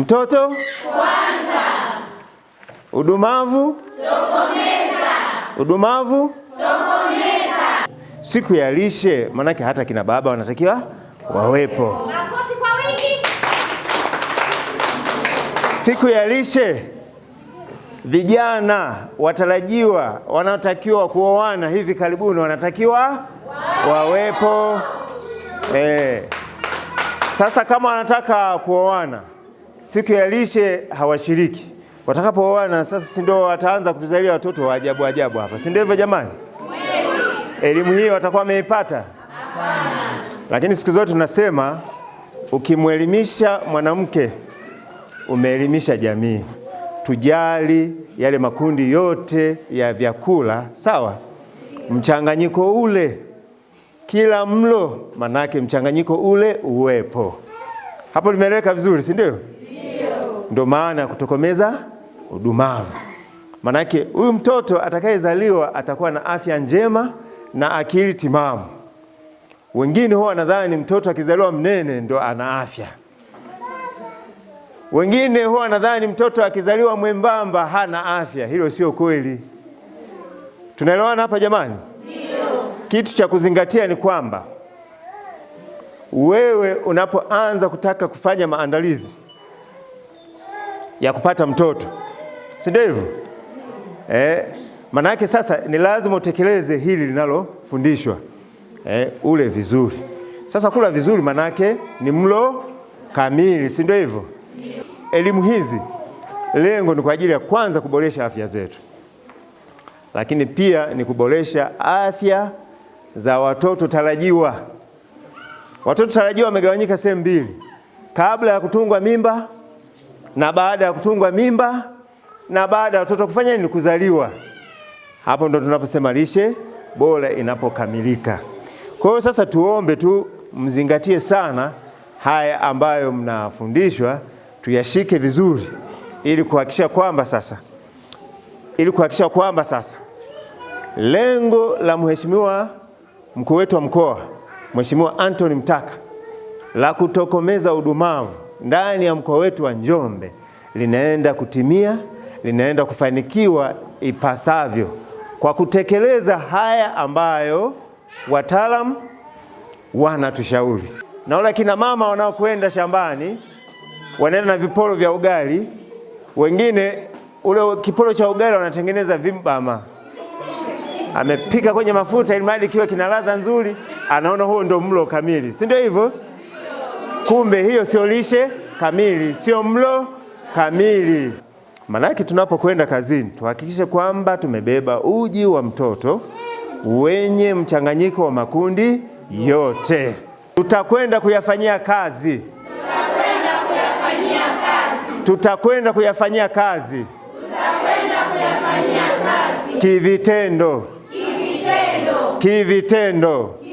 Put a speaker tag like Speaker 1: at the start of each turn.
Speaker 1: Mtoto
Speaker 2: kwanza.
Speaker 1: Udumavu
Speaker 2: tokomeza.
Speaker 1: Udumavu
Speaker 2: tokomeza.
Speaker 1: Siku ya lishe, maanake hata kina baba wanatakiwa wawepo. Siku ya lishe, vijana watarajiwa wanaotakiwa kuoana hivi karibuni wanatakiwa
Speaker 2: wawepo.
Speaker 1: Eh. Sasa kama wanataka kuoana siku ya lishe hawashiriki. Watakapoana sasa, si ndio wataanza kutuzalia watoto wa ajabu ajabu hapa, si ndio hivyo jamani? Elimu hii watakuwa wameipata? Lakini siku zote tunasema ukimwelimisha mwanamke umeelimisha jamii. Tujali yale makundi yote ya vyakula, sawa? Mchanganyiko ule kila mlo, manake mchanganyiko ule uwepo. Hapo limeeleweka vizuri, si ndio? ndo maana ya kutokomeza udumavu. Maanake huyu mtoto atakayezaliwa atakuwa na afya njema na akili timamu. Wengine huwa wanadhani mtoto akizaliwa mnene ndo ana afya, wengine huwa wanadhani mtoto akizaliwa mwembamba hana afya. Hilo sio kweli. Tunaelewana hapa jamani? Ndio. Kitu cha kuzingatia ni kwamba wewe unapoanza kutaka kufanya maandalizi ya kupata mtoto, si ndio hivyo? Eh, maana yake sasa ni lazima utekeleze hili linalofundishwa. Eh, ule vizuri. Sasa kula vizuri maana yake ni mlo kamili, si ndio hivyo? Elimu hizi lengo ni kwa ajili ya kwanza kuboresha afya zetu, lakini pia ni kuboresha afya za watoto tarajiwa. Watoto tarajiwa wamegawanyika sehemu mbili: kabla ya kutungwa mimba na baada ya kutungwa mimba na baada ya watoto kufanya ni kuzaliwa. Hapo ndo tunaposema lishe bora inapokamilika. Kwa hiyo sasa, tuombe tu mzingatie sana haya ambayo mnafundishwa, tuyashike vizuri, ili kuhakikisha kwamba sasa ili kuhakikisha kwamba sasa lengo la mheshimiwa mkuu wetu wa mkoa Mheshimiwa Anthony Mtaka la kutokomeza udumavu ndani ya mkoa wetu wa Njombe linaenda kutimia, linaenda kufanikiwa ipasavyo kwa kutekeleza haya ambayo wataalamu wanatushauri. Naona kina mama wanaokwenda shambani wanaenda na viporo vya ugali, wengine ule kiporo cha ugali wanatengeneza vimbama, amepika kwenye mafuta ili mradi kiwe kina ladha nzuri, anaona huo ndio mlo kamili, si ndio hivyo? Kumbe hiyo sio lishe kamili, sio mlo kamili. Maanake tunapokwenda kazini tuhakikishe kwamba tumebeba uji wa mtoto wenye mchanganyiko wa makundi yote. Tutakwenda kuyafanyia kazi, tutakwenda kuyafanyia kazi,
Speaker 2: kazi. kazi.
Speaker 1: Kivitendo,
Speaker 2: kivitendo,
Speaker 1: kivitendo.